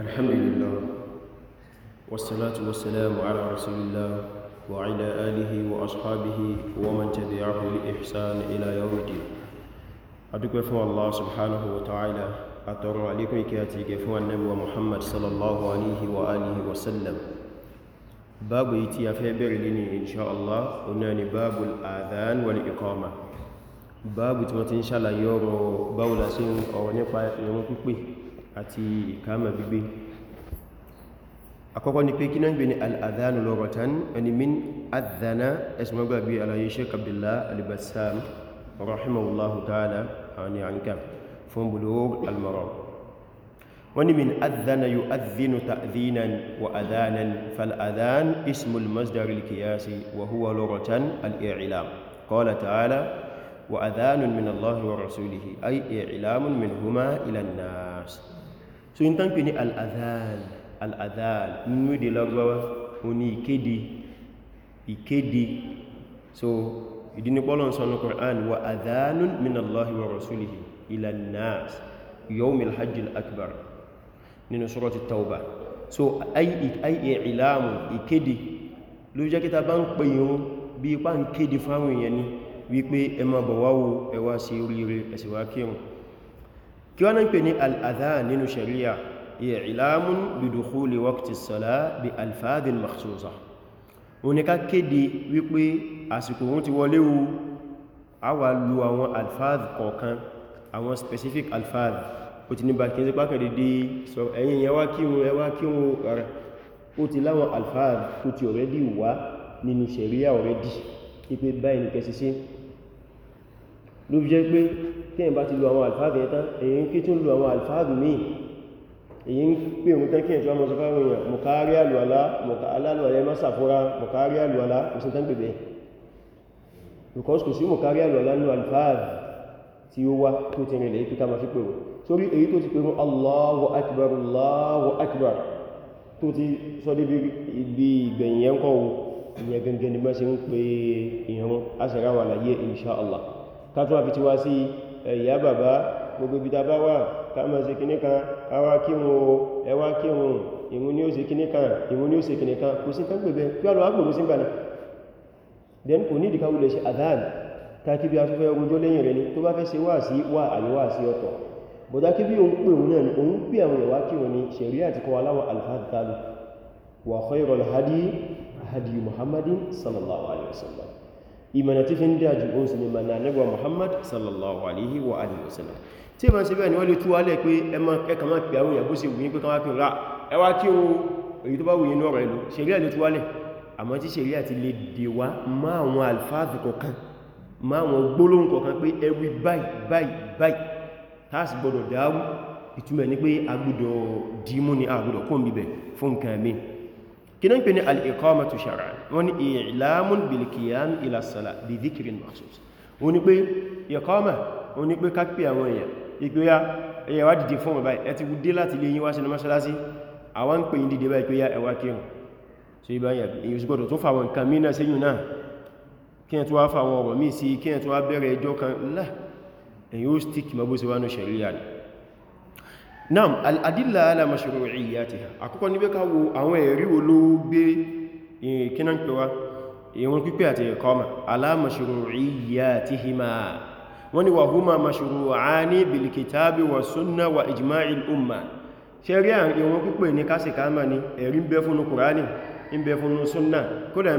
الحمد لله والصلاة والسلام على رسول الله وعلى آله وأصحابه ومن تبعه لإحسان إلى يوم الدين أدوك فو الله سبحانه وتعالى أترى عليكم كاتيك فو النبي ومحمد صلى الله عليه وآله وسلم باب يتيافي برليني إن شاء الله هنا باب الآذان والإقامة babu ti ń ṣàlàyé ọ̀rọ̀ báwọlá sí ọ̀rọ̀ nípa ìrun pípé àti ìkámà gbígbé àkọ́kọ́ ni pé kí náà gbé ní al'adhanu lọ́rọ̀tán ẹni min adhana ẹsùmọ́gbàgbé alaye sheik abdullah alibassam rahimahullahu ta'ala àwọn yankan fún bulugh al-maram wani min adhana yu adhinu ta'dhinan wa adhanan fal'adhan ismul masdar al-kiyasi wa huwa lọ́rọ̀tán al-i'lam qala ta'ala وأذان من الله ورسوله أي إعلام منهما إلى الناس سوين تنكيني الأذان الأذان نمو دي لغوة هوني إكيدي إكيدي سو يدين قولون سنو القرآن وأذان من الله ورسوله إلى الناس يوم الحج الأكبر من سورة التوبة so ai ai ilamu ikedi lu je kitaban peyun bi pa nkedi fawun wípé ẹ máa bọ̀ wáwo ẹ wá sí oríire ẹ̀sìwá kírùn kí wọ́n ń pè ní al-adhan nínú sharia iya ilamun bidukhuli waqti sala bi alfadhin makhsusa wọn ni ká kéde wípé àsìkò wọn ti wọlé o a wà lu àwọn alfadh kọ̀ọ̀kan àwọn specific alfadh ó ti ní ipe báyìí kẹsí sí ló fi jẹ́ pé tíyàn bá ti lo àwọn alfáàdì yẹn tán èyí kí tún lo àwọn alfáàdì míì èyí ń pè mú tán kí ẹ̀tọ́ ọmọ sọfá ròyìn mọ̀kárí àlùwàlá aláàlùwàlá ẹ má sàfúra mọ̀kárí àlùwàlá kò sí tán pèbẹ̀ because kò sí mọ̀kárí àlùwàlá ní alfáàdì tí ó wá tó ti rìnlẹ̀ ìpítà ma fi pè mú sórí èyí tó ti pè mú Allahu akbar Allahu akbar tó ti sọ débi ibi ìgbẹ̀yìn yẹn kọ́ ni bá ṣe ń pè ìyẹn a láyé insha kátó àfi ti wá sí ìyá bàbá gbogbo ibi tá bá wà ká máa ṣe kíní kan ká wá kírun o ẹ wá kírun ìrun ni ó ṣe kíní kan ìrun ni ó ṣe kíní kan kò sí nǹkan gbèbẹ kí wà lọ wá sí ìbànú then kò ní ìdíkà wulẹ̀ ṣe adhan káàkiri bí a fẹ́ ogójó lẹ́yìn rẹ̀ ni tó bá fẹ́ ṣe wá sí wà àyíwá sí ọ̀tọ̀ bọ̀dá kí bí ìmọ̀nà tí fi ń dájú oún sí ni mọ̀nà nígbà Muhammad sallallahu alaihi wa alihi wasallam tí ma ṣe bẹ́ẹ̀ ni wọ́n lè túwá lẹ́ pé ẹmọ ẹkà máa pẹ̀ àwọn ìyàbó sí wùyí pé káwà kí ra ẹwà kí o èyí tó bá wùyí ní ọ̀rọ̀ ìlú ṣeríà lè túwá lẹ̀ àmọ́ tí ṣeríà ti lè dèwá kíná ń pè ní al-iqamatu shar'an wọ́n ni i'lamun bil qiyam ila salat bi dhikrin makhsus wọ́n ni pé iqama wọ́n ni pé ká pè àwọn èèyàn ìpé ya ẹ̀yà wá dìde fún ọ̀bá ẹ̀ ti dé láti ilé yín wá sínú mọ́ṣálásí àwọn ń pè yín dìde báyìí pé ya ẹwà kí nam al'adilla ala mashru'iyyatiha àkọ́kọ́ níbẹ̀ ká wo àwọn ẹ̀rí wo ló gbé kínan pẹwa ìwọn pípẹ́ àti ìkọmà ala mashru'iyyatihima wọ́n ni wa huma mashru'ani bil kitabi wa sunna wa ijma'il umma ṣẹ́rí àwọn pípẹ́ ní kásìkámà ni ẹ̀rí ń bẹ fún Kùránì ń bẹ fún sunna kódà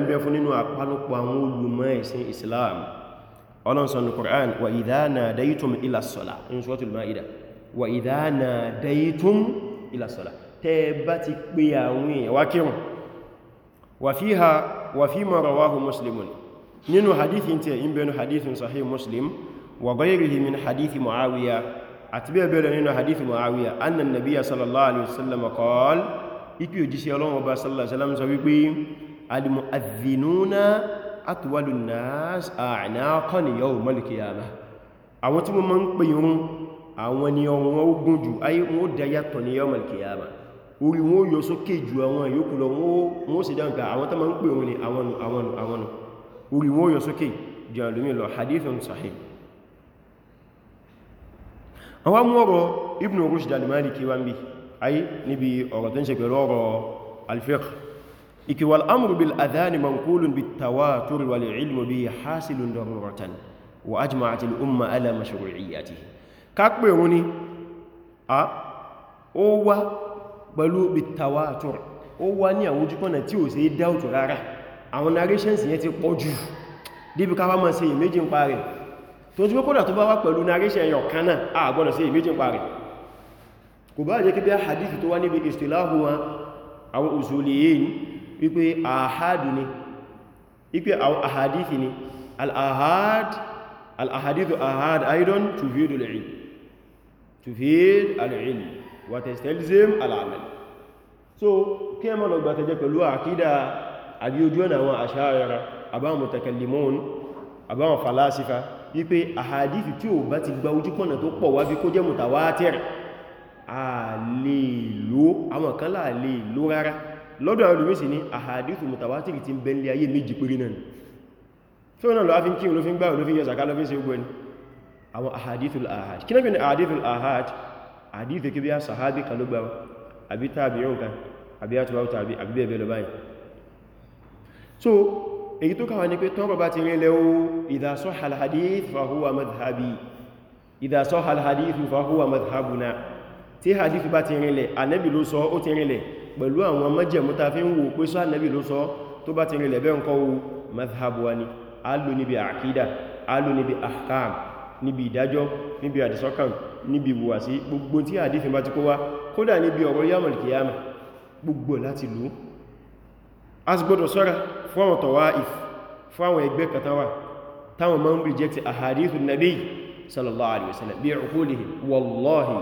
wa idha nadaytum ila salah tẹ́ bá ti pè àwọn èèyàn wá kírun wa fiha wa fi ma rawahu muslimun nínú hadithin te in bẹnu hadithin sahih muslim wa ghayrihi min hadithi muawiya àti bẹ́ẹ̀ bẹ́ẹ̀ nínú hadithi muawiya anna nabiyya sallallahu alaihi wasallam qal ipi oji òjíṣẹ́ Ọlọ́run ọba sallallahu alaihi wasallam sọ wípé al mu'adhdhinuna atwalun nas a'naqan yawm al-qiyamah àwọn tí mo man pè yun àwọn ni ọrùn wọn ó gùn jù ayé wọn ó dá yàtọ̀ ní yawmal kiyama orí wọn ó yọ sókè jù àwọn yòókù lọ wọn ó sì dáǹkà àwọn tó ma ń pè wọn ni àwọn àwọn àwọn orí wọn ó yọ sókè jù àwọn lómi lọ hadithun sahih àwọn mú ọ̀rọ̀ Ibn Rushd al-Maliki wá ń bí ayé níbi ọ̀rọ̀ ń ṣe pẹ̀lú ọ̀rọ̀ al-fiqh iki wal amru bil adhan manqulun bit tawatur wal ilmu bi hasilun daruratan wa ajma'at umma ala mashru'iyyatihi kápẹ̀ òun ni a ó wá pẹ̀lú bitawatur ó wá ní àwọn ojúkọ́nà tí ò sí dáòtù rárá àwọn narrations yẹn ti pọ̀ jù débi ká bá mọ́ sí ìméjì ń parẹ̀ tó tí kódà tó bá wá pẹ̀lú narration yọ kanáà a gbọ́nà sí ìméjì ń parẹ̀ kò bá jẹ́ kí bí hadith tó wá al ahadithu ahad aidan tufidu al-ilm tufid al-ilm wa tastalzim al-amal so kí ẹ mọ́ lọ gbà tẹ́jẹ́ pẹ̀lú àkídà àbí ojú ọ̀nà àwọn asha'ira àbáwọn mutakallimun àbáwọn falasifa wípé àhàdífì tí ó bá ti gba ojú pọ̀nà tó pọ̀ wá bí kó jẹ́ mutawatir a lè lò àwọn kan láà lè lò rárá lọ́dọ̀ àwọn olùmísì ní àhàdífì mutawatir ti ń bẹ́lẹ̀ ayé méjì péré náà àwọn ahadithul ahad kí lẹ́gbẹ̀ẹ́ ahadithul ahad ahadith kí bí a sahabi kan ló gbà àbí tabi'un kan àbí àtúwà tàbí àbí bẹ̀ẹ̀bẹ̀ lọ báyìí so èyí tó kàwà ní pé tán bàbá ti rí lẹ́wọ́ idha sahha al-hadith fa huwa madhhabi idha sahha al-hadith fa huwa madhhabuna tí hadith bá ti rinlẹ̀ anẹ́bì ló sọ ó ti rinlẹ̀ pẹ̀lú àwọn mẹ́jẹ̀mú ta fi ń wò pé sọ anẹ́bì ló sọ tó bá ti rinlẹ̀ bẹ́ẹ̀ ń kọ́ wo madhhabu ni a níbi àkídà a níbi ahkam níbi ìdájọ́ níbi àdìsọ́kàn níbi ìwòwàsí gbogbo tí àdífin bá ti kó wá kódà níbi ọ̀rọ̀ yàmọ̀lì kìyàmà gbogbo láti lò a sì gbọ́dọ̀ sọ́ra fún àwọn tọ̀wá if fún àwọn ẹgbẹ́ katawa táwọn ma ń reject ahadithu nabi sallallahu alaihi wasallam bi uqulihim wallahi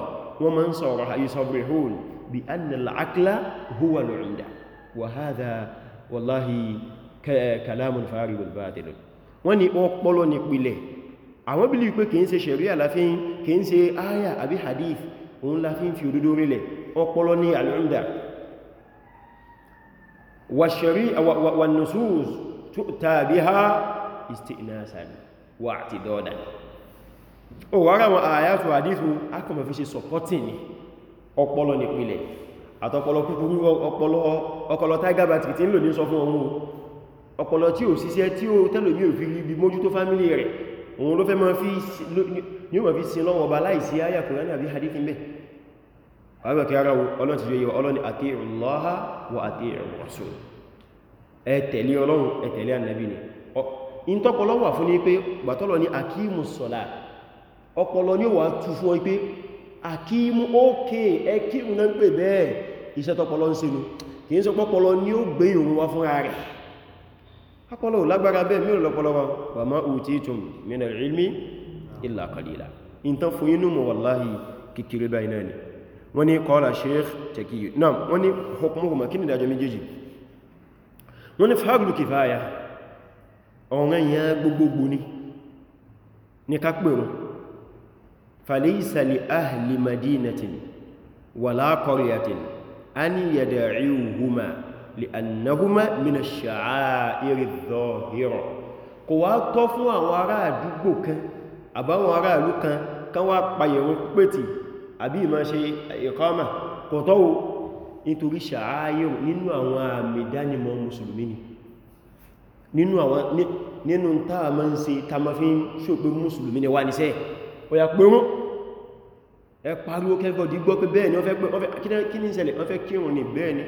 wa man sawra yusabrihun bi anna al-aqla huwa al ọpọlọ ni pìlẹ̀ àwọn believe pé kìí ṣe ṣẹ̀ríà láfíìn kìí ṣe ayà àbí hadith òun láfíìn fi òdodo rílẹ̀ ọpọlọ ní al'umda wa ṣẹ̀ríà wa nusus tàbí ha istinasan wa àti dọ́ọ̀dà o wára wọn àyàtò hadith akọ̀mọ̀ fi ṣe supporting ni ọpọlọ nípìnlẹ̀ àtọpọlọ kúkúrú ọpọlọ tiger bat tí ń lò ní sọ fún ọmọ ọpọlọ tí ò síṣẹ́ tí ó tẹ́lò ní òfin ibi òun ló fẹ́ mọ́ fi ní o mọ̀ fi sin lọ́wọ́ ọba láìsí ayà Kùránì àbí hadithin bẹ́ ọgbẹ̀ kí ara ọlọ́n ti yíwa ọlọ́n ni ati'u Allaha wa ati'u Rasul ẹ tẹ̀lé Ọlọ́run ẹ tẹ̀lé Ànábì ni in tọ́pọlọ wà fún ní pé gbàtọ́lọ ní akíìmù ọpọlọ lágbára bẹ́ mẹ́rin lọ́pọlọwà wà má òtí ìtùn min al-ilmi illa qalila in ta fún inú mọ̀ wàláhì kìkiri báyìí náà ni wọ́n ní qala Shaykh Taqiy náà wọ́n ní hukmuhuma kí ni ìdájọ́ méjèèjì wọ́n ní faglu kifaya ọ̀rẹ́ yẹn gbogbogbò ni ní kápẹ̀rún falaysa li ahli madinatin wala qaryatin an yada'uhuma li'annahuma mina sha'a'iri dhahira kò wá tọ́ fún àwọn ará àdúgbò kan àbáwọn ará ìlú kan kan wá payẹ̀wọ̀n pẹ̀tì àbí ìmá ṣe ìkọ́mà kò tọ́wọ́ nítorí sha'a'iri nínú àwọn àmì ìdánimọ̀ mùsùlùmí ni nínú àwọn nínú táà ma ẹ pariwo kẹfọ́ dìgbọ́ pé bẹ́ẹ̀ ni wọ́n fẹ́ kí ní bẹ́ẹ̀ ni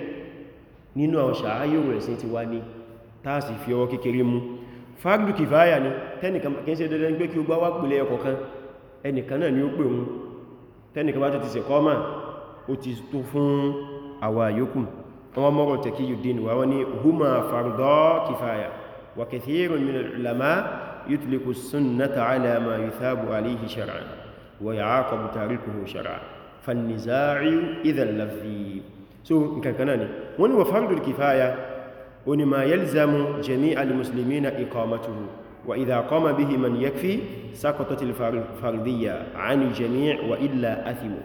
nínú àwọn ṣàáyòrò ẹ̀sìn ti wá ní táàsì fi ọwọ́ kékeré mú fagdu kìfáyà ni tẹ́nìkan kí n ṣe dandan pé kí o bá wá pìlẹ̀ ọkọ̀ kan ẹnìkan náà ni ó pè mú tẹ́nìkan bá tó ti ṣe kọ́mà ó ti tó fún àwa yòókù wọn mọ́rọ̀ tẹ̀kí yùdín wà wọ́n ni huma fardọ́ kìfáyà wa kathirun min al-ulama yutliku sunnata ala ma yuthabu alayhi shar'an wa ya'aqabu tarikuhu shar'an fan-niza'u idhan lafdhi so nǹkan kan náà ni wọ́n ní wa fardul kifaya ó ní ma yalzamu jami'al muslimina iqamatuhu wa idha qama bihi man yakfi saqatatil fardiyya ani jami' wa illa athimu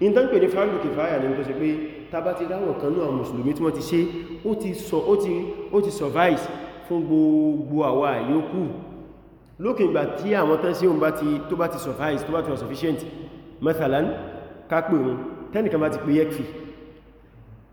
in tan pè ní fardul kifaya ni tó ṣe pé tàbá ti ráwọ̀ kan náà musulmi tí wọ́n ti ṣe ó ti survive fún gbogbo àwa yòókù lókè ìgbà tí àwọn tán sí òun bá ti tó bá ti survive tó bá ti wà sufficient mathalan ká pè tẹ́nìkan bá ti pè yẹ́kì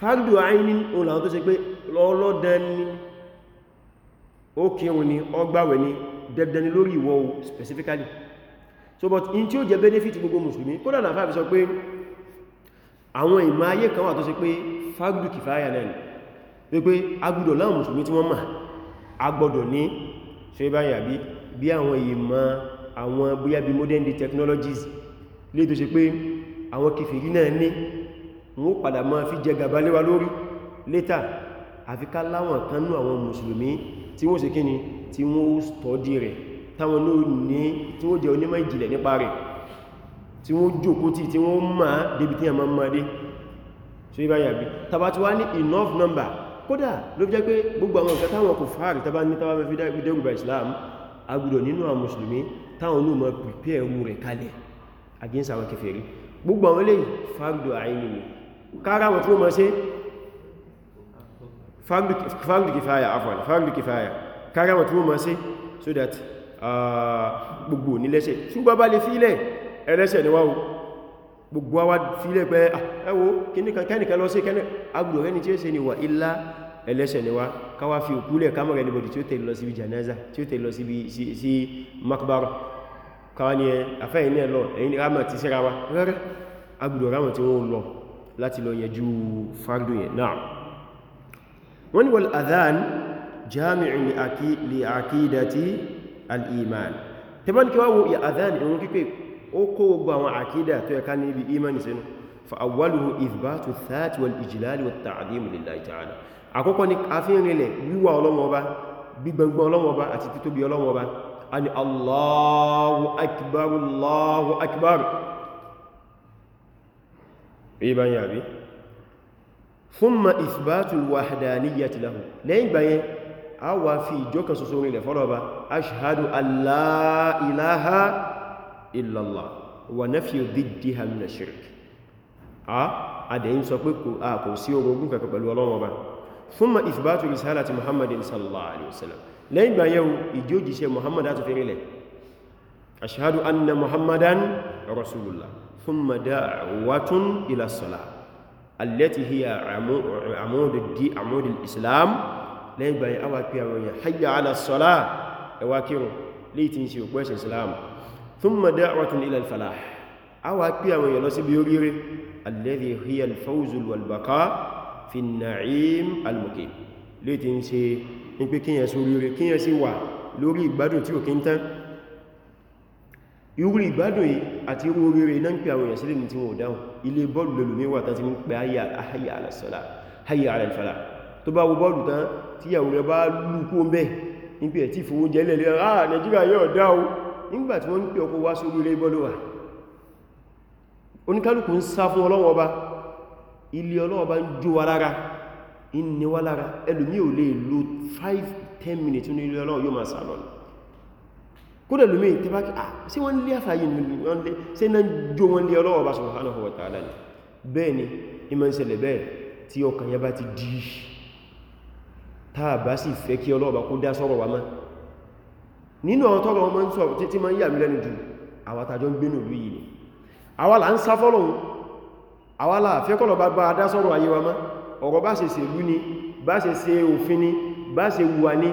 fàndù àìní òun làwọn tó ṣe pé lọ́lọ́dán ní ó kírun ní ọgbàwẹ̀ ní dandan ní lórí ìwọ specifically so but in tí ó jẹ benefit gbogbo mùsùlùmí kódà náà fàbí sọ pé àwọn ìmọ̀ ayé kan wà tó ṣe pé fàgbù kìfàyà náà ni pé agbọ́dọ̀ láwọn mùsùlùmí tí wọ́n mà agbọ́dọ̀ ní ṣe bá technologies lè tó ṣe pé wọ́n padà máa fi jẹ gàbáléwà lórí létà àfi ká láwọn kanú àwọn mùsùlùmí tí wọ́n ṣe kí ni tí wọ́n stọ́dí rẹ̀ táwọn ló ní tí wọ́n jẹ onímọ̀ ìjìnlẹ̀ nípa rẹ̀ tí wọ́n jókòó tí tí wọ́n máa débi tí a máa máa dé ṣe ibá yàgbé tàbá ti wá ní enough number kódà ló jẹ́ pé gbogbo àwọn nǹkan táwọn kò fàárì tàbá ní tàbá mẹ́fí dẹ́gbà Islam agbùdọ̀ nínú àwọn mùsùlùmí táwọn ní mọ̀ prepare rẹ̀ kalẹ̀ against àwọn kèfèrí gbogbo àwọn eléyìí fardu àìní kára wọn ah, ah, tí ó mọ̀ sí fardu kifaya afwan fardu kifaya kára wọn tí ó mọ̀ sí so that gbogbo ní lẹ́sẹ̀ ṣùgbọ́n bá lè fílẹ̀ ẹlẹ́sẹ̀ ni wáwó gbogbo wa fílẹ̀ pé ẹwọ́ kẹ́nìkan lọ sí kẹ́nì agbùdó rẹni tí ó se ni wà ilá ẹlẹ́sẹ̀ ni wá káwà fi òkúlẹ̀ kámọ̀rẹ̀ anybody tí ó tẹ̀lọ síbi janaza tí ó tẹ̀lọ sí makbara káwà ni afẹ́ ìní ẹ̀lọ ẹ̀yìn rámà ti síra wa lọ láti lọ yẹjú fardu yẹn náà wọ́n ni wal adhan jami'un li akidati al-iman tẹbọn kí wá wo ya adhan ìrun kíkẹ́ ó kó gbogbo àwọn akídà tó yẹka níbi imani sínú fa awwaluhu ithbatu thati wal ijlal wa ta'zimu lillahi ta'ala àkọ́kọ́ ni a fi ń rinlẹ̀ wíwà Ọlọ́hun Ọba gbígbẹ̀gbẹ̀ Ọlọ́hun Ọba àti títóbi Ọlọ́hun Ọba a ni Allahu akbar Allahu akbar ìbá yà bí thumma ithbatu al-wahdaniyyati lahu lẹ́yìn gbáyẹn a wà fi ìjọkan soso rí lẹ́fọ́lọ́ba ashhadu an la ilaha illallah wa nafyu diddiha min ash-shirk a adẹ́yìn sọ pé kò sí ogun kankan pẹ̀lú Ọlọ́run Ọba muhammadin sallallahu alaihi wasallam lẹ́yìn gbáyẹn ìjọ́jíṣẹ́ muhammad láti anna muhammadan rasulullah ثم دعوة إلى الصلاة التي هي عمود الدين عمود الإسلام لا يبقى أواكي حي على الصلاة أواكي ليتنسي وكويس الإسلام ثم دعوة إلى الفلاح أواكي ويلوسي بيوريري الذي هي الفوز والبقاء في النعيم المقيم ليتنسي إنك كي يسوريري كي يسوى لوري بادو تيو كنتان irú ìgbádùn yìí àti irú oríire iná ń pè àwọn ìyàsílẹ̀ ní tí wọ́n dáhùn ilé bọ́ọ̀lù lọ́lù mẹ́wàá tán ti ń pè hayya ala salah hayya ala al-falah tó bá wo bọ́ọ̀lù tán tí yàwó rẹ̀ bá lùkú ń bẹ́ ń pè tí fowó jẹ́lẹ̀ lè ah Nàìjíríà yóò dá o nígbà tí wọ́n ń pè ọkọ̀ wá sórí ilé bọ́ọ̀lù wà oníkálùkù ń sá fún Ọlọ́run Ọba ilé Ọlọ́run Ọba ń jó wa lára ń ni wa lára ẹlòmí ò lè lo 5-10 minutes nínú ilé Ọlọ́run yóò máa sá lọ́nà kódẹ̀ lómi tẹbákí à ah, sí wọ́n lé àfàyí sí náà jó wọ́n lé ọlọ́wọ́ bá subhanahu wa ta'ala ni bẹ́ẹ̀ ni ìmọ̀ ìṣẹ̀lẹ̀ bẹ́ẹ̀ tí ọkàn yá bá ti dí táà bá sì fẹ́ kí ọlọ́wọ́ bá kó dá sọ́rọ̀ wa mọ́ nínú àwọn tọ́rọ ọmọ ń sọ títí ma ń yà mí lẹ́nu jù àwàtàjọ ń gbénú ìlú yìí àwa là ń sá fọ́lọ̀hun àwa là fẹ́ kọ́lọ̀ bá bá dá sọ́rọ̀ ayé wa mọ́ ọ̀rọ̀ bá ṣe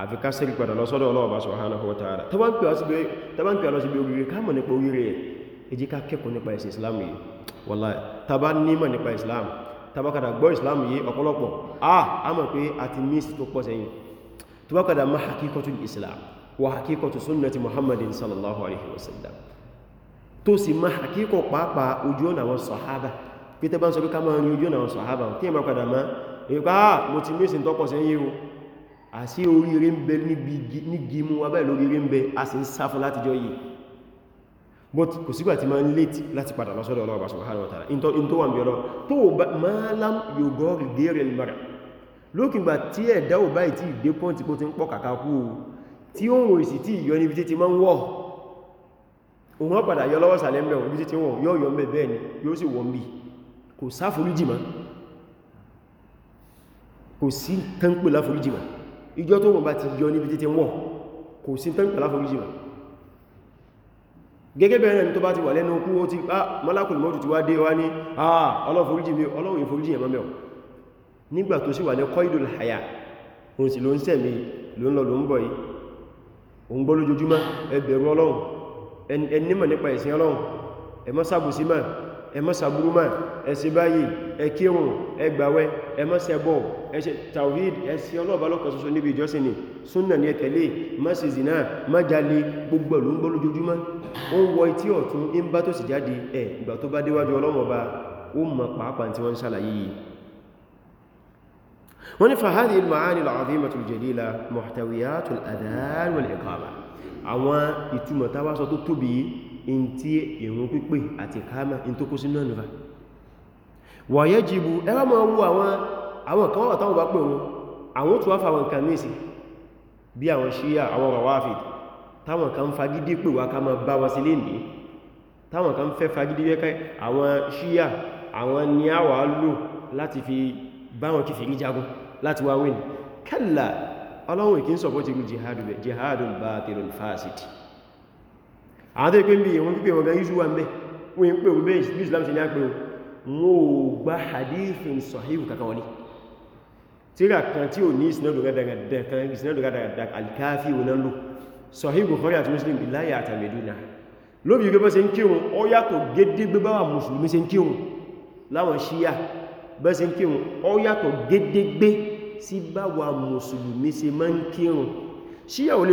àfi ká sẹ́rì padà lọ́sọ́dọ̀ ọlọ́ọ̀bá subhanahu wa ta'ala tàbá ń pè lọ sí bí oríire ká mọ̀ nípa oríire ẹ̀ ìjí ká kẹ́kọ̀ọ́ nípa ìsìn islam yìí wallahi tàbá nímọ̀ nípa islam tàbá kadà gbọ́ islam yìí ọ̀pọ̀lọpọ̀ ah a mọ̀ pé a ti miss tó pọ̀ sẹ́yìn tàbá kadà má hakíkọ́tù islam wa hakíkọ́tù sunnati muhammadin sallallahu alaihi wasallam tó sì má hakíkọ́ pàápàá ojú ọ̀nà àwọn sọ̀hábà pé tẹ́ bá ń sọ ah, mo ti miss tó pọ̀ sẹ́yìn àsí oríire ń bẹ nígi mú wa báyìí lóríire ń bẹ a sì ń sá fún láti jọ yìí but kò sígbà tí ma ń létí láti padà lọ́sọ́dọ̀ ọlọ́ọ̀bá subhanahu wa ta'ala in tó wà ń bí ọlọ́ tó ma lám yóò gẹ́rẹ̀ mara lókìngbà tí ẹ̀dá ò báyìí tí ìdé pọ́ntì kó ti ń pọ̀ kàkà kú o tí ó ń wò ìsì tí ìyọ níbi títí ma ń wọ̀ òun padà yọ lọ́wọ́ sàlẹ̀ mẹ́ òun títí wọ̀ yóò yọ mẹ́ bẹ́ẹ̀ ni yóò sì wọ̀ mí kò sáforíjì ma kò sí tán pè láforíjì ma ìjọ tó wọ́n bá ti yọ níbi títí wọ́n kò sí tán pẹ̀lá fún gẹ́gẹ́ bẹ̀rẹ̀ tó bá ti wà lẹ́nu kú ó ti pá ah, malakul mọ́tù ti wá dé wá ní àà ah, ọlọ́foríjì mi ọlọ́run ìforíjì yẹn mọ́mẹ́ nígbà tó sì wà ní kọ́ìdùl haya òun sì ló ń sẹ̀mí ló ń lọ ló ń bọ̀ yìí òun gbọ́ lójoojúmọ́ ẹ bẹ̀rù ọlọ́run ẹni mọ̀ nípa ìsìn ọlọ́run ẹ má ṣàbùsí mọ́ ẹ̀sìn báyìí ẹkírùn ẹgbàwẹ́ ẹmọ́sẹ̀bọ̀ ẹṣẹ́ tawhid ẹ̀sìn ọlọ́ọ̀bá lọ́kàn ṣoṣo níbi ìjọsìn ni súnnà ní ẹ̀tẹ̀lé mọ́sí zina májálé gbogbo ló ń gbọ́ lójoojúmọ́ ó ń wọ etí ọ̀tún ń bá tó sì jáde ẹ̀ ìgbà tó bá déwájú ọlọ́mọba ó mọ̀ pàápàá tí wọ́n ń àti kama in sínú ẹnufà wọ̀nyẹ́ jìbù ẹwà mọ́ owó àwọn àwọn kan wà táwọn bá pè wọn àwọn tó wá fà wọn kan mẹ́sì bí àwọn ṣíyà àwọn Rawafid táwọn kan fagídí pè wá ká máa bá wọn sí léèdè táwọn kan fẹ́ fagídí wẹ́kẹ́ àwọn ṣíyà àwọn ni a wà lò láti fi bá wọn kìfì jagun láti wá win kalla ọlọ́run ìkín sọ̀pọ̀ ti rú wọn gan yíṣù wà wọ́n pè wọ́n bẹ́ Islam ní àpẹ̀wọ̀n wọn ò gbá hadithin sahihu kankan wọlé tíra kan tí ò ní ìsinádò rádàrádà kan ìsinádò rádàrádà alkafi wọn lọ sahihu Muslim ìláyà àtàmẹ́dúnà lóbi rí bọ́ ṣe ń kírun ó yàtọ̀ gédégbé báwà mùsùlùmí ṣe ń kírun láwọn ṣíyà bọ́ ṣe ń kírun ó yàtọ̀ gédégbé sí báwà mùsùlùmí ṣe máa ń kírun ṣíyà ò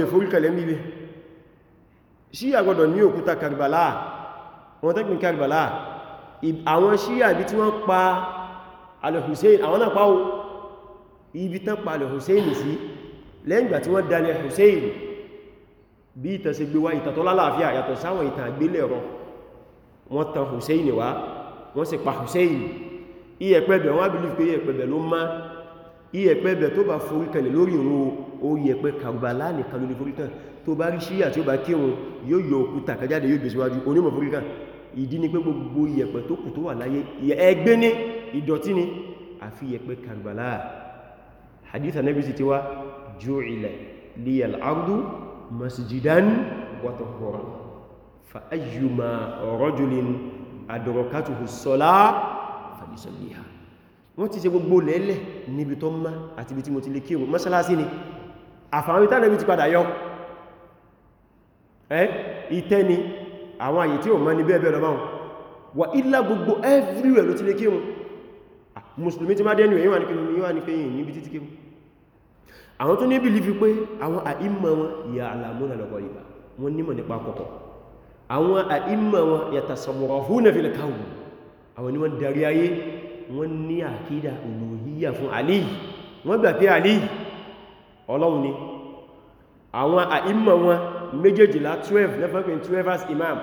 lè ní òkúta àwọn ṣíyà ibi tí wọ́n pa alẹ́hùsẹ́yìn àwọn náà pàwọ́ ibi tán pa alẹ́hùsẹ́yìn sí lẹ́yìngbà tí wọ́n dalẹ̀ hùsẹ́yìn bí ìtànsí gbé wá ìtàtọ́ lálàáfíà yàtọ̀ sáwọn ìtàn àgbélẹ̀ rọ wọ́n tan hùsẹ́yìn wá wọ́n sì pa hùsẹ́yìn iyẹ̀pẹ̀bẹ̀ wọ́n believe pé iyẹ̀pẹ̀bẹ̀ ló má iyẹ̀pẹ̀bẹ̀ tó bá forí kalẹ̀ lórí ìrun o iyẹ̀pẹ̀ Kàrbàlá nìkan lórí forí kan tó bá rí ṣíyà tí ó bá kírun yóò yọ òkúta kàjáde yóò gbèsíwájú onímọ̀ forí kan ìdí ni pé gbogbo iyẹ̀pẹ̀ tó kù tó wà láyé ẹgbẹ́ ní ìdọ̀tí ni àfi iyẹ̀pẹ̀ Karbala hadith anabi sì ti wá ju'ila liyal ardu masjidan wa tahura fa ayyuma rajulin adrakatuhu as-salah falyusalliha wọ́n ti ṣe gbogbo lẹ́lẹ̀ níbi tó má lè kí o mọ́sálásí ni àwọn àyè tí ó mọ́ ní bẹ́ẹ̀bẹ́ẹ̀ lọ́báhùn wà ilá gbogbo everywhere ló ti lé kírun mùsùlùmí ti má dẹ́nu èyí wà ní kírun yíwà ní pé yìí níbi títí kírun àwọn tó ní bìlífì pé àwọn àìmọ̀ wọn yà àlàmúnà lọ́kọ̀ yìí wọ́n nímọ̀ nípa kọ̀kọ̀ àwọn àìmọ̀ wọn yàtà sọ̀mọ̀rọ̀ fún ẹ̀fẹ̀ lẹ́kàwù àwọn ni wọ́n darí ayé wọ́n ní àkídà olóhíyà fún Àlì wọ́n gbà pé Àlì Ọlọ́run ni àwọn àìmọ̀ wọn méjèèjìlá 12 lẹ́fẹ́pin 12 as imam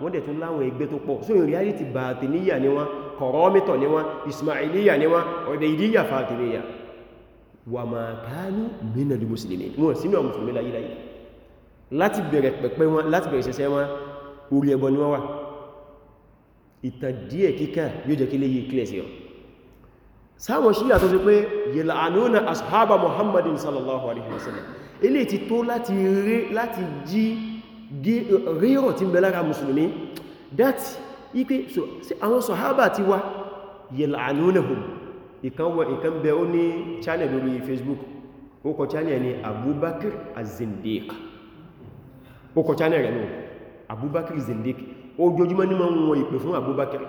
wọ́n dẹ̀ tún láwọn ẹgbẹ́ tó pọ̀ so in reality bàtìníyà ni wọ́n kọ̀rọ́mítọ̀ ni wọ́n ismailiyya ni wọ́n ọ̀bẹ̀idiyya fatimiyya wà máa kánú minal muslimin wọ́n sínú àwọn musulmi láyé láyé láti bẹ̀rẹ̀ pẹ̀pẹ̀ wọn láti bẹ̀rẹ̀ sẹsẹ wọn orí ẹbọ ni wọ́n wà ìtàn díẹ̀ kíkà yóò jẹ́ kí lè yí kílẹ̀ sí sáwọn ṣíyà tó sì pé yìlànúnà ashaba muhammadin sallallahu alaihi wasallam ilé ti tó láti rí láti jí rírọ̀ tí bẹ lára musulmi that ipé àwọn sọ̀hábà ti wá yìlànúnàhùn ìkanwọ̀ ìkan bẹ ó ní channel lórí facebook ó kọ channel ní abubakar azindik ó kọ channel rẹ̀ náà abubakar azindik ojoojúmọ́ ní ma ń wọ ìpè fún abubakar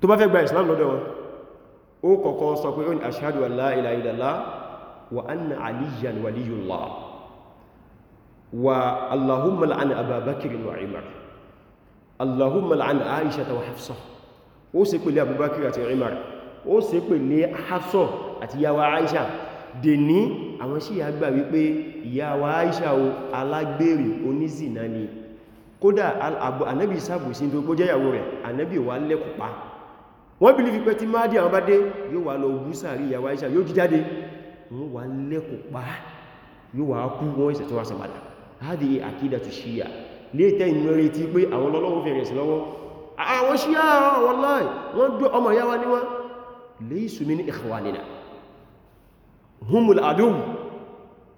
tó bá fẹ́ gba islam lọ́dọ̀ wọn ó kọ́kọ́ sọ pé ó ní ashhadu an la ilaha illallah wa anna aliyan waliyullah wa allahumma la'an abubakar wa umar allahumma la'an aisha wa hafsa ó ṣe pẹ̀lú abubakar àti umar àwọn sí àgbà wípé ìyàwó aisha o alágbèrè onízìnà ni kódà anábì sábò sí tó kó jẹ́yàwó rẹ̀ anábì wà lẹ́kùpá wọ́n bí ní pẹ́ tí máa dí àwọn bá dé yóò wà lọ wú sàárì ìyàwó Àìṣà yóò jíjáde wọ́n wà lẹ́kọ̀ọ́ pa yóò wà kú wọ́n ìṣẹ̀ tó wá sàmàdà láti àkídà tó ṣíyà léètẹ́ inú rẹ̀ tí pé àwọn ọlọ́wọ́ fẹ̀rẹ̀ sí lọ́wọ́ àwọn ṣíyà wallahi wọ́n gbé ọmọ ìyá wa níwá laysu min ikhwanina humul adu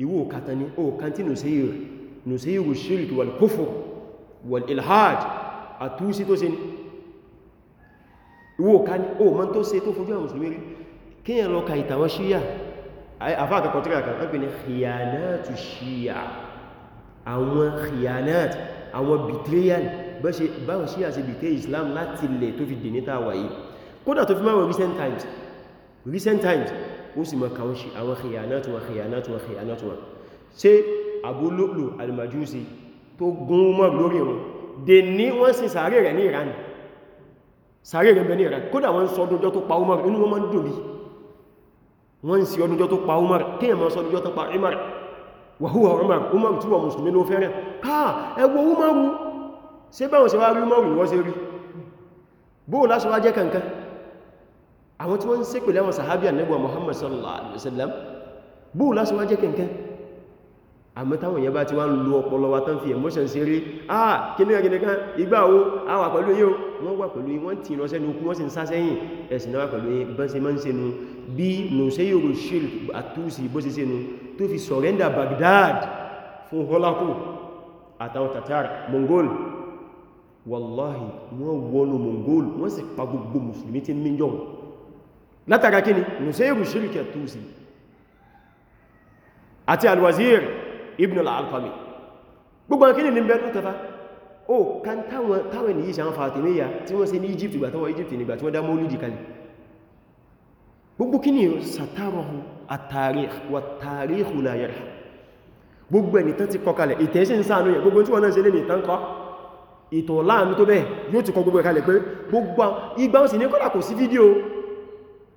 ìwọ katani o kanti nusayir nusayiru shirk wal kufr wal ilhad atusi to se ni ìwọ ká ní o mọ́ tó ṣe tó fojú àwọn musulmi rí kíyàn lọ ka ìtàwọn ṣíyà àfáàkàkọ̀ tí kàkà pẹ́ ní khiyanatu ṣíyà àwọn khiyanat àwọn betrayal báwọn ṣíyà ṣe betray Islam láti lẹ̀ tó fi dèní tàwà yìí kódà tó fi máa recent times recent times ó sì mọ́ kàwọn àwọn khiyanatu wa khiyanatu wa khiyanatu wa ṣe Abu Lu'lu al-Majusi tó gún mọ́ lórí wọn dèní wọ́n sì sàárè rẹ̀ ní Iran sàárè rẹ̀ bẹni rẹ̀ kódà wọ́n sọ ọdúnjọ́ tó pa Umar inú wọn máa ń dùn bí wọ́n sì ọdúnjọ́ tó pa Umar kéèyàn máa sọ tó pa Umar wa Umar Umar tí wọ́n mùsùlùmí ló fẹ́rẹ̀ káà ah, ẹgbọ́ Umaru ṣe báwọn ṣe wá rí Umaru wọ́n ṣe rí bóò lásọ wá jẹ́ kankan àwọn tí wọ́n ń ṣépè láwọn sàhábíà nẹ́gbà Muhammad sallallahu alaihi wasallam bóò lásọ wá jẹ́ kankan àmọ́ táwọn èèyàn bá ti wá ń lo ọpọlọ wa tán fi emotion sí rí ah kìnnìkan kìnnìkan ìgbà wo a wà pẹ̀lú yín o wọ́n wà pẹ̀lú yín wọ́n ti rán sẹ́nu okú wọ́n sì ń sá sẹ́yìn ẹ̀sìn náà wà pẹ̀lú yín bọ́n se máa ń se nu bí nùsẹ́yòrò shield àtúsì bó se se nu tó fi sọ̀rẹ́ndà Baghdad fún holaku àtàwọn Tatar Mongol wallahi wọ́n wọnú Mongol wọ́n sì pa gbogbo mùsùlùmí tí ń míjọ látara kíni nùsẹ́yòrò shield àtúsì àti alwazir ibn al-alqami gbogbo akílì ní bẹ̀rún tafá o kan táwọn ní ìṣàn fatimiyya tí wọ́n ṣe ní egypt ìgbà tọwọ́ egypt nígbà tí wọ́n dá mọ́lìdì kalẹ̀ gbogbo kí ni satarahu at-tarikh wa at-tarikh la yarham gbogbo ẹni tán ti kọ kalẹ̀ ìtẹ́ṣẹ́ ń sáànú yẹ gbogbo tí wọ́n náà ṣe lè ní ìtàn kọ́ ìtọ̀ láàánú tó bẹ́ẹ̀ yóò ti kọ gbogbo ẹ̀kalẹ̀ pé gbogbo ìgbà òsì ní kọ́lá kò sí fídíò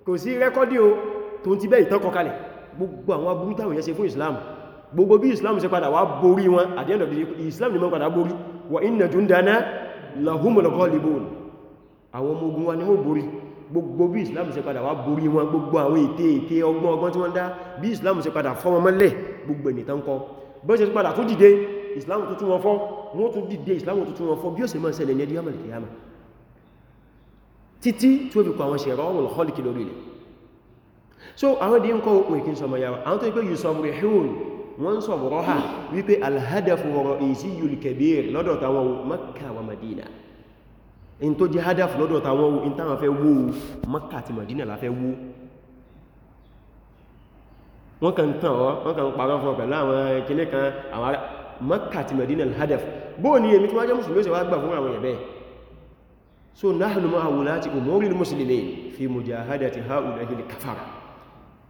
kò sí rẹ́kọ́díò tó ń ti bẹ́ ìtàn kọ gbogbo àwọn abúrútàwò yẹ́ ṣe fún Islam gbogbo bí islam ṣe padà wá borí wọn at the end of the day islam ni mọ́ padà borí wa inna jundana lahumul ghalibun àwọn ọmọ ogun wa ni wọ́n borí gbogbo bí islam ṣe padà wá borí wọn gbogbo àwọn ète ète ọgbọ́n ọgbọ́n tí wọ́n dá bí islam ṣe padà fọ́ wọn mọ́lẹ̀ gbogbo ènìtàn kọ bọ́ ṣe islam tó tún wọn fọ́ wọ́n tún dìde islam tó tún wọn fọ́ bí ó ṣe máa ṣẹlẹ̀ ní ẹdíyàmọ̀ ìkìyàmọ̀ títí tí ó fi kọ àwọn so àwọn ìdí ń kọ́ òkun ìkínsọmọ yàwó àwọn tó ń pè yusuf rehun wọ́n sọ rọ́hà wípé alhadafu wọ̀rọ̀ ìsíyùl kẹbíir lọ́dọ̀ tàwọn Makka wa Madina in tó jẹ́ hadafu lọ́dọ̀ tàwọn in táwọn fẹ́ wó Makka àti Madina la fẹ́ wó wọ́n kàn tàn ọ́ wọ́n kàn parọ́ fún ọ̀pẹ̀ láwọn kìnnì kan àwọn ará Makka àti Madina alhadafu bóò ni èmi tí wọ́n jẹ́ mùsùlùmí ó wá gbà fún àwọn ẹ̀bẹ́ so nahnu ma'a wulati umuri al-muslimin fi mujahadati ha'ula'i kafara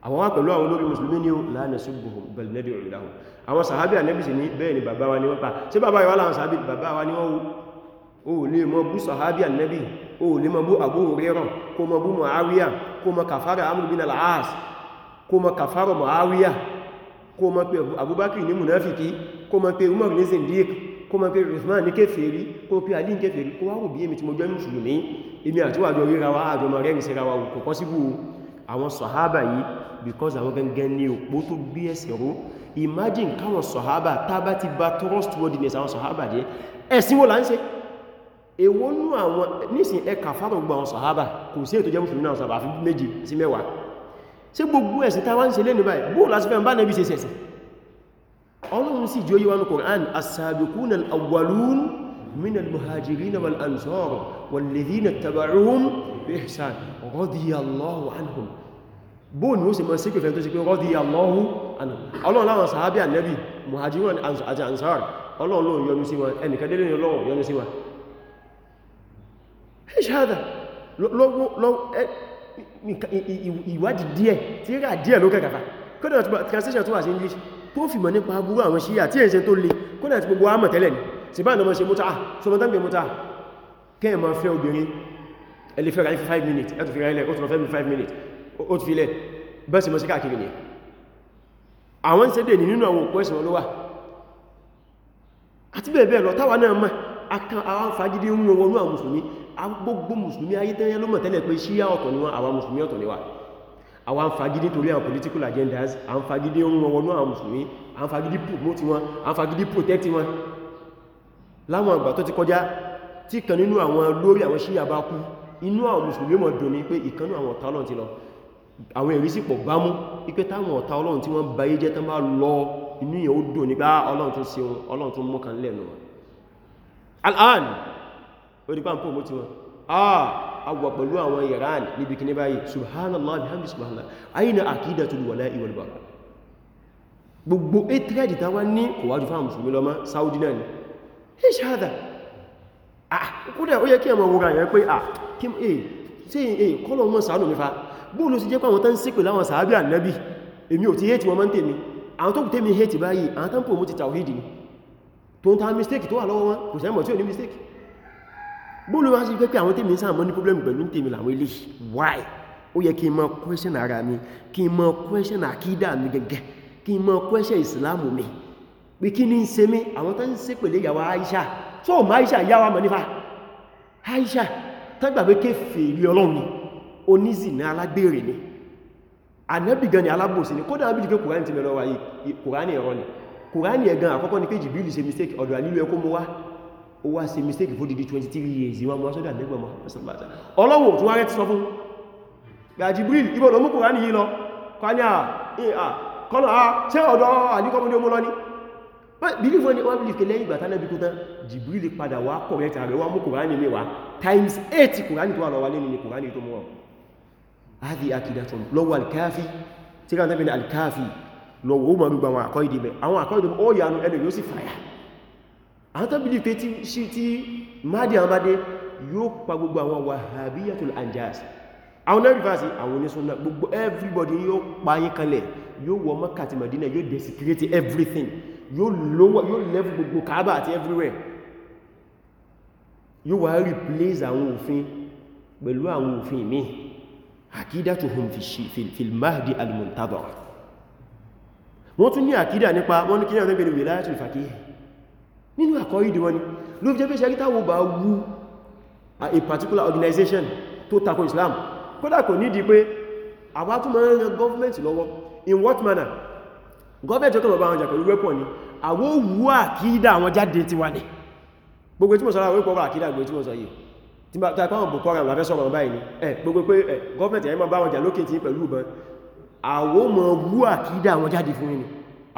àwọn wá pẹ̀lú àwọn olórí musulmi ní la nasubbuhum bal nad'u lahum àwọn sàhábí ànẹ́bì sí ní bẹ́ẹ̀ ni bàbá wa ní wọ́n pa tí bàbá ìwà láwọn sàhábí bàbá wa ní wọ́n o lè mọ bú sàhábí ànẹ́bì o lè mọ bú Abu Hurairah kó mọ bú Muawiya kó mọ kàfàrà Amr bin al-As kó mọ kàfàrà Muawiya kó mọ pé Abubakar ní munafiki kó mọ pé Umar ní zindiq kó mọ pé àwọn sọ̀hábà yìí because àwọn gangan ní òpó tó gbé ẹsẹ̀ ró imagine káwọn sọ̀hábà tábá ti bá trustworthiness àwọn sọ̀hábà jẹ́ ẹ̀sìn wọ́n là ń ṣe èwo nú àwọn nísìn ẹka fáwọn gbogbo àwọn sọ̀hábà kò sí ètò jẹ́ mùsùlùmí náà sọ̀hábà fi méjì sí mẹ́wàá ṣé gbogbo ẹ̀sìn táwa ń ṣe lẹ́nu báyìí bóò láti fẹ́ bá nẹ́bí ṣe ṣẹ̀ṣẹ̀ ọlọ́run sì jóyí wánú Qur'an as al-awwalun min al-muhajirin wal ansar wal ladhina taba'uhum bi radiyallahu anhum bóò ni ó sì mọ́ sí pẹ̀fẹ́ tó sì pé radiyallahu anhum ọlọ́run láwọn sàábí ànẹ́bì muhajirun àti ansar ọlọ́run lóòrùn yọ́nú sí wọn ẹnìkan délé ní ọlọ́run yọ́nú sí wọn ṣáàdà ìwádìí díẹ̀ tí rà díẹ̀ ló kẹ́kàfà kódà tí translation tó wà sí English tó fi mọ̀ nípa agbúrú àwọn ṣíyà tí ẹ̀ṣẹ́ tó le kódà tí gbogbo àmọ̀ tẹ́lẹ̀ ni sì bá ìnàmọ̀ ṣe mútà sọmọ́tàbí mútà kẹ́ẹ̀mọ̀ fẹ́ obìnrin ẹlẹ́ fẹ́ ráyí fún 5 minutes ẹ̀tù fi ráyí lẹ́ ọ̀tún fẹ́mi 5 minutes ó ti fi lẹ́ bẹ́ẹ̀ sí mọ́ sí káàkiri ní àwọn ìṣẹ́dẹ̀ ní nínú àwọn òpó ẹ̀sìn wọn ló wà àti bẹ́ẹ̀ bẹ́ẹ̀ lọ táwa náà mọ́ àwọn fagidi ń wọn wọnú àwọn mùsùlùmí gbogbo mùsùlùmí ayé tẹ́yẹ ló mọ̀ tẹ́lẹ̀ pé ṣíyá ọ̀tọ̀ ni wọn àwọn mùsùlùmí ọ̀tọ̀ ni wà àwọn fagidi torí àwọn political agendas àwọn fagidi ń wọn wọnú àwọn mùsùlùmí àwọn fagidi promote wọn àwọn fagidi protect wọn láwọn àgbà tó ti kọjá tí kan nínú àwọn lórí àwọn ṣíyà bá kú inú àwọn mùsùlùmí mọ̀ dùn ní pé ìkanú àwọn ọ̀tá ọlọ́run ti lọ àwọn èrí sì pọ̀ bá mú ipé táwọn ọ̀tá ọlọ́run tí wọ́n báyé jẹ́ tán bá lọ inú yẹn ó dùn nígbà ah, ọlọ́run tó ṣeun ọlọ́run tó mọ́kàn lẹ́nu wọn al'an ó di pàmpọ̀ mú ti wọn ah agbà pẹ̀lú àwọn iran níbi kí ní báyìí subhanallah alhamdu subhanallah aina akidatul wala'i wal bara gbogbo 8 thread ta wá ní kòwájú fáwọn mùsùlùmí lọ mọ́ saudi náà ni ish hada Ah, kódà ó yẹ kí ẹmọ wòrán yẹn pé ah kim a eh, tí èyí eh, kọ́lọ̀ mọ́ sàánù nífà bóòlù sí jẹ́ pàwọn tán sípè láwọn sàábí ànábì èmi ò ti hẹ́tì wọn mọ́ tèmi àwọn tó kù tèmi hẹ́tì báyìí àwọn tán pò mú ti tàwídì ni tó ń ta mistake tó wà lọ́wọ́ wọn kò sẹ́mọ̀ tí ò ní mistake bóòlù wá sí pé àwọn tèmi sáà mọ́ ní problem pẹ̀lú tèmi làwọn ilé why ó yẹ kí n mọ question ara mi kí n mọ question àkídà mi gẹ́gẹ́ kí n mọ question ìsìlámù mi pé kí ní ń ṣe mí àwọn tán ń ṣépèlé ìyàwó Aisha so ma Aisha yá wa mọ̀ nífà Aisha tágbàgbé kéfèrí ọlọ́run ni onízìnà alágbèrè ni ànábì gan ni alábòsí ni kódà ànábì jù pé kùránì ti mẹ́lọ wáyé kùránì ẹ̀rọ ni kùránì ẹ̀gan àkọ́kọ́ ni pé Jibril ṣe mistake ọ̀dọ̀ àlílú ẹkọ́ mọ́ wá ó wá ṣe mistake fún didi 23 years wọ́n mọ́ sọ́dọ̀ ànábì mọ́ ọlọ́wọ̀ tó wá rẹ̀ ti sọ fún gbà Jibril ibọ̀dọ̀ mú kùránì yìí lọ kọ́nà ah, eh, ah, ah, ṣé ọ̀dọ̀ àníkọ́mọdé ọmọ lọ ni believe wọn ni wọ́n believe kẹlẹ́yìn ìgbà tánàbí tó tán Jibril padà wá correct ààrẹ wá mú kòránì ní wa times 8 kòránì tó wà lọ́wọ́ lẹ́nu ni kòránì tó mọ́ adi akidatun lọ́wọ́ alkafi tí ká tẹ́bẹ̀ alkafi lọ́wọ́ ó mọ̀rú gbàwọn àkọ́ ìdí bẹ̀ àwọn àkọ́ ìdí ó yànú ẹnu yóò sì fàyà àwọn tó believe pé tí mádì àmàdé yóò pa gbogbo àwọn wàhábíyàtul anjas àwọn lẹ́rìfàsí àwọn onísúnná gbogbo everybody yóò pa yín kalẹ̀ yóò wọ Mẹ́kà àti Mẹ́dínà yóò desecrate everything yóò lower yóò level gbogbo kaaba àti everywhere yóò wá replace àwọn òfin pẹ̀lú àwọn òfin mi akidatuhum fil mahdi al-muntadhar wọ́n tún ní àkídà nípa wọ́n ní kíyàn rẹ̀bẹ̀rẹ̀ wilayatul faqih nínú àkọ́ ìdí wọn ni ló fi jẹ́ pé ṣe táwọ bá wú a particular organization tó tako Islam kódà kò nídìí pé àwátúmọ̀ rẹ̀ government lọ́wọ́ in what manner gọ́ọ̀mẹ̀tì ọkọ̀ bàbá wọn jà pẹ̀lú wẹ́pọ̀ ni àwọ́ wú àkídà àwọn jáde ti wà ní gbogbo tí mo sọ́rọ̀ wípọ̀ wà àkídà gbogbo tí mo sọ yìí tí bá tàbí àwọn bukọ́rọ̀ làfẹ́ sọ̀rọ̀ báyìí ẹ̀ gbogbo pé gọ́ọ̀mẹ̀tì ẹ̀mọ́ bá wọn jà lókè tí pẹ̀lú ìbọn àwọ́ mọ̀ wú àkídà àwọn jáde fún yìí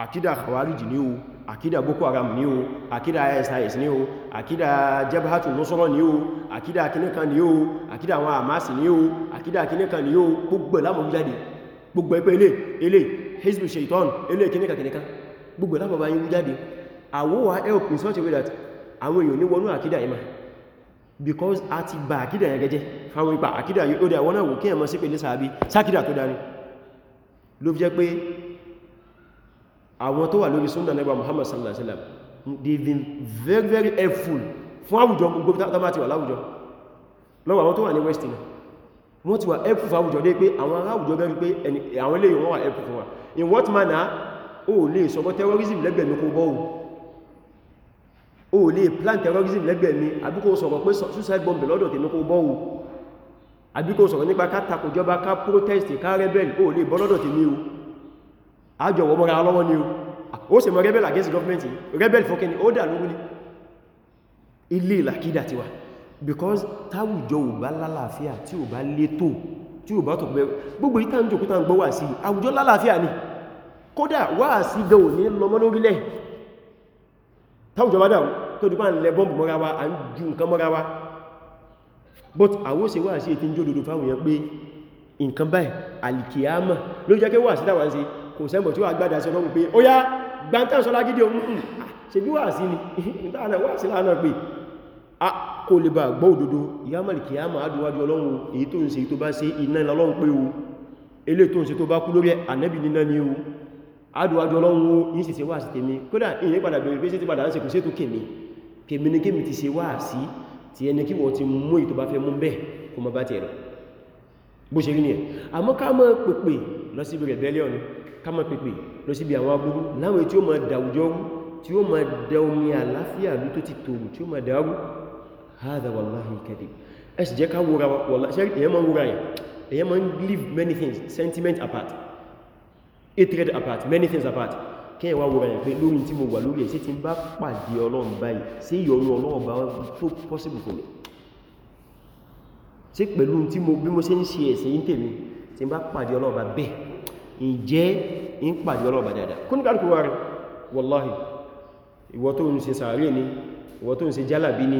àkídà khawariji ni o àkídà boko haram ni o àkídà isis ni o àkídà jabhatu nusra ni o àkídà kinikan ni o àkídà àwọn amasi ni o àkídà kinikan ni o gbogbo lámọ̀ jáde gbogbo ẹgbẹ́ ilé hezbo shaitan ilé kìníkà kìníkà gbogbo lábàbá yín jáde àwọ́wà help in such a way that àwọn èèyàn ní wọnú àkídà ìmá because a ti bá àkídà yẹn gẹ́jẹ́ fáwọn ipa àkídà yóò dá wọ́n àwò kí ẹ̀mọ́ sí pẹ̀lú sàábí sákídà tó dárí ló fi jẹ́ pé àwọn tó wà lórí sunna nẹ́bà Muhammad sallallahu alaihi wasallam they been very very helpful fún àwùjọ gbogbo tamati wà láwùjọ lọ́wọ́ àwọn tó wà ní west náà wọ́n ti wà helpful fún àwùjọ dé pé àwọn ará àwùjọ gẹ́rí pé àwọn ilé ìwọ̀n wà helpful fún wa in what manner o so sọ̀rọ̀ terrorism lẹ́gbẹ̀ẹ́ mi kó bọ́wù o lè plan terrorism lẹ́gbẹ̀ẹ́ mi àbí kó sọ̀rọ̀ pé suicide bomb lọ́dọ̀ tèmi kó bọ́wù àbí kó sọ̀rọ̀ nípa ká tako ìjọba ká protest ká rebel o lè bọ́ lọ́dọ̀ tèmi o àjọwọ̀ mọ́ra lọ́wọ́ ni o ó sì mọ́ rebel against government rebel fọ́kẹ́ ni ó dà lógún ní ilé ìlàkídà tiwa because táwùjọ ò bá lálàáfíà tí ò bá létò tí ó bá tó pẹ́ gbogbo ìta ń jòkúta ń gbọ́ wà sí àwùjọ lálàáfíà ni kódà wà sí gan ò ní lọmọ lórílẹ̀ táwùjọ bá dáwù tó dùpá ń lẹ bọ́m̀bù mọ́ra wa à ń ju nǹkan mọ́ra wa but àwọ́ sí wà sí ètí ń jòdòdò fáwọn èèyàn pé nǹkan báyìí alìkìyàmà ló jẹ́ kí wà sí dáwà ń ṣe kò sẹ́mọ̀ tí wà gbádà sí ọlọ́run pé ni ìtànà wà sí lánàá pé kó lè bá gbọ́ òdodo yamal kiyama adúwájú ọlọ́run èyí tó ń ṣe tó bá ṣe iná lọ́lọ́run pé o elé tó ń ṣe tó bá kú lórí ànẹ́bì níná ni o adúwájú ọlọ́run yìí sì ṣe wá sí rebellion ká mọ́ pèpè lọ síbi àwọn agbóhù láwọn tí ó mọ dàwùjọ tí ó mọ dẹ omi àlàáfíà lú tó ti tòrù tí ó mọ dàrú hádà wàláhì kẹdì ẹ sì jẹ́ ká wúra wàlá ṣe èyẹ ma ń wúra yẹn èyẹ ma ń leave many things sentiment apart hatred apart many things apart kí ẹ wá wúra yẹn pé lórí tí mo wà lórí ẹ̀ sí ti bá pàdé ọlọ́run báyìí sí ìyọnu ọlọ́run bá tó possible fún mi sí pẹ̀lú tí mo bí mo ṣe ń ṣe ẹ̀sìn yí tèmi tí bá pàdé ọlọ́run bá bẹ́ẹ̀ ìjẹ́ ń pàdé ọlọ́run bá dáadáa kún ní kálùkù wá rẹ̀ wàláhì ìwọ tó ń ṣe sàárè ni ìwọ tó ń ṣe jálàbí ni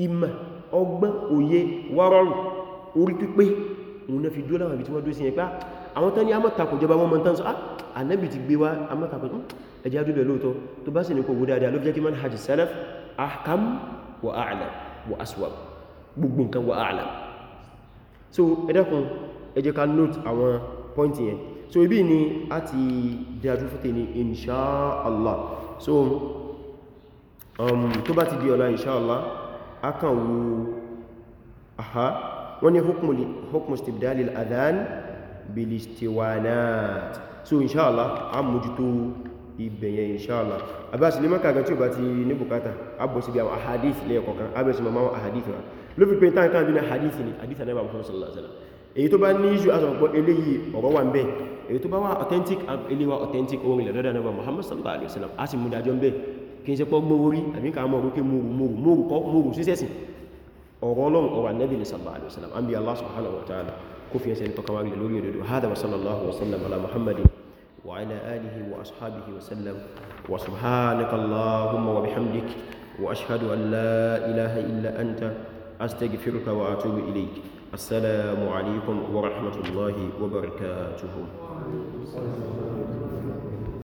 ìmọ̀ ọgbọ́n òye wárọrùn orí pípé òun náà fi dúó láwọn ibi tí wọ́n dúó sí ẹ̀pá ah, àwọn tán ní amọ́tàkù jọba wọn mọ́tán sọ ah, ànábì ti gbé wá amọ́tàkù hmm, ẹjá dúbẹ̀ lóòtọ́ tó bá sì ní kò wúdáadáa ló jẹ́ kí man hajj salaf ahkam wa a'lam wa aswab gbogbo nǹkan wa a'lam so ẹdẹ́kun ẹjẹ́ ká note àwọn point yẹn so ibi ni a ti dájú fún tèmi insha Allah so um, tó bá ti di ọ̀la insha Allah akan wo aha wọ́n ní hukmu istibdalil adhan bilistiwanat so inṣáàlá a mójútó ibẹ̀yẹ inṣáàlá abáṣì ní maka gan tí ó bá ti ní bukata abọ̀sí bí àwọn ahadith lẹ́ẹ̀kọ̀kan abẹ́sí mamá ahadith rán ló fi pé tán kan bí na hadith ni hadith anẹ́bà Muhammad sallallahu alaihi wasallam èyí tó bá ní ìṣù asọ̀pọ̀ eléyìí ọ̀rọ̀ wà ń bẹ èyí tó bá wá authentic eléwà authentic orin lẹ́dọ́dọ̀ anẹ́bà Muhammad sallallahu alaihi wasallam a sì mú dájọ́ bẹ́ẹ̀ kìí ṣe pọ́ gbówó àbí ká mọ̀ wípé múrù múrù ọ̀rọ̀ ọlọ́run ọ̀rọ̀ annabi sallallahu alaihi wasallam an bi allah subhanahu wa ta'ala